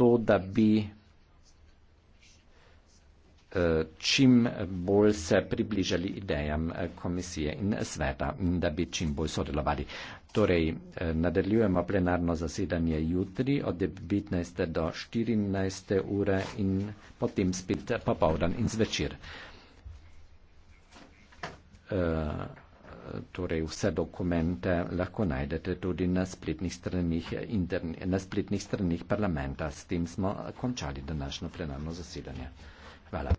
to, da bi eh, čim bolj se približali idejam eh, komisije in sveta in da bi čim bolj sodelovali. Torej, eh, nadaljujemo plenarno zasedanje jutri od 19. do 14. ure in potem spet popovdan in zvečer. Uh, torej vse dokumente lahko najdete tudi na spletnih, interne, na spletnih stranih parlamenta. S tem smo končali današnjo plenarno zasedanje. Hvala.